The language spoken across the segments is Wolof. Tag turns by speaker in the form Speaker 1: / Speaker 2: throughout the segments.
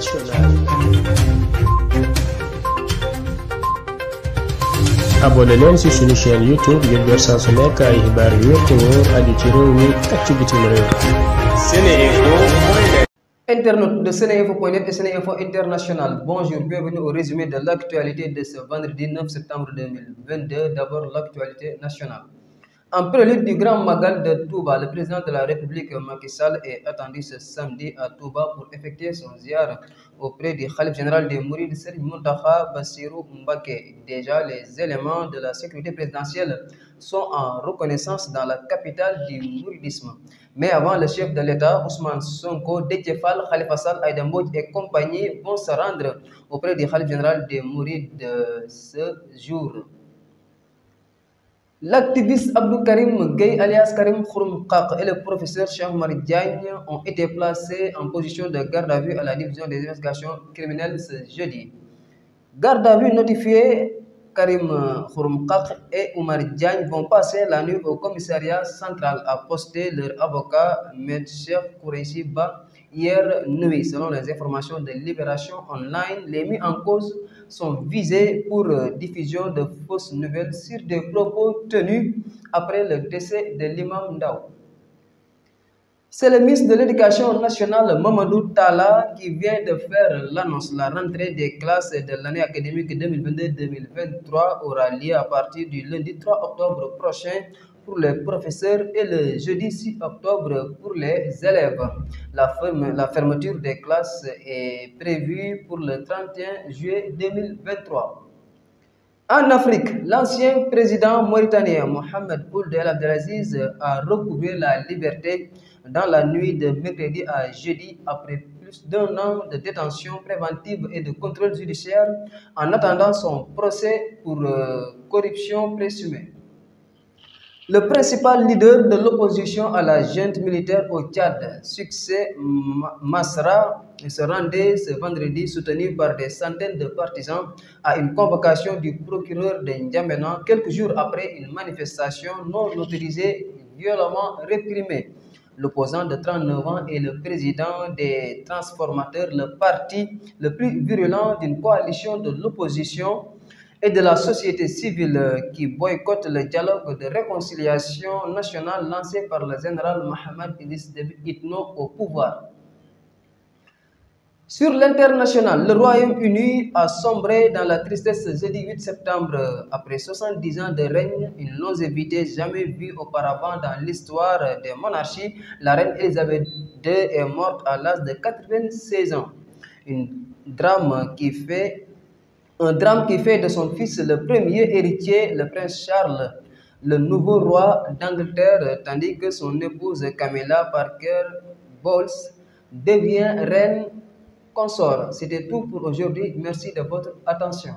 Speaker 1: internationale. abonné leen ci suñu chaîne youtube ngir jot saa su nekk ay xibaar yu wér te ci réew mi ci bitim réew. seneinfo.net Internautes de seneinfo.net et seneinfo international bonjour bienvenue au résumé de l'actualité de ce vendredi 9 septembre 2022 l'actualité nationale. En prélude du Grand Magal de Touba, le président de la République Macky Sall est attendu ce samedi à Touba pour effectuer son ziar auprès du Khalif général des Mourides, Serigne Mountakha Bassirou Mbacké. Déjà, les éléments de la sécurité présidentielle sont en reconnaissance dans la capitale du mouridisme. Mais avant, le chef de l'État, Ousmane Sonko, Détiefal, Khalifa Sall, Aïdamboj et compagnie vont se rendre auprès du Khalif général des Mourides ce jour. L'activiste Abdou Karim Gay alias Karim Khouroum Kak et le professeur Cheikh Omar Diagne ont été placés en position de garde à vue à la division des investigations criminelles ce jeudi. Garde à vue notifiée, Karim Khouroum et Omar Diagne vont passer la nuit au commissariat central à poster leur avocat, Maître Cheikh Koureishi Ba hier nuit. Selon les informations de Libération Online, les mis en cause sont visés pour euh, diffusion de fausses nouvelles sur des propos tenus après le décès de l'imam Ndao. C'est le ministre de l'Éducation nationale, Mamadou Tala, qui vient de faire l'annonce. La rentrée des classes de l'année académique 2022-2023 aura lieu à partir du lundi 3 octobre prochain pour les professeurs et le jeudi octobre pour les élèves. La, ferme, la fermeture des classes est prévue pour le 31 juillet 2023. En Afrique, l'ancien président mauritanien Mohamed Ould El Abdelaziz a recouvré la liberté dans la nuit de mercredi à jeudi après plus d'un an de détention préventive et de contrôle judiciaire en attendant son procès pour euh, corruption présumée. Le principal leader de l'opposition à la junte militaire au Tchad, Succès Masra, se rendait ce vendredi soutenu par des centaines de partisans à une convocation du procureur de N'Djamena quelques jours après une manifestation non autorisée violemment réprimée. L'opposant de 39 ans est le président des transformateurs, le parti le plus virulent d'une coalition de l'opposition et de la société civile euh, qui boycottent le dialogue de réconciliation nationale lancé par le général le Royaume-Uni a sombré dans la tristesse jeudi 8 euh, Après 70 ans de règne, une longévité jamais vue auparavant dans la de 96 ans. Un Un drame qui fait de son fils le premier héritier, le prince Charles, le nouveau roi d'Angleterre, tandis que son épouse Camilla Parker Bowles devient reine consort. C'était tout pour aujourd'hui. Merci de votre attention.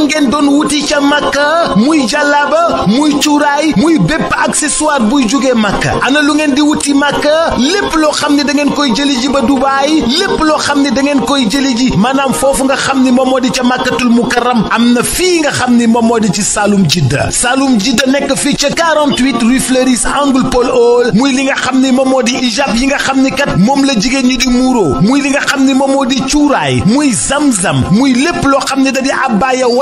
Speaker 2: lan ngeen doon wuti ca makka muy jàllaaba muy cuuraay muy bépp accessoire buy jógee makka ana lu ngeen di wuti makka lépp loo xam ni da ngeen koy jëli ji ba dubaay lépp loo xam ni da ngeen koy jëli ji maanaam foofu nga xam ni moom moo di ca màkkatul mukarram am na fii nga xam ni moom moo di ci Saloum jidda saalum jidda nekk fii ca 48 rue Fleuris angle Paul Hall muy li nga xam ni moom moo di ijab yi nga xam ni kat moom la jigéen ñi di muuro muy li nga xam ni moom moo di cuuraay muy zamzam muy lépp loo xam ni da di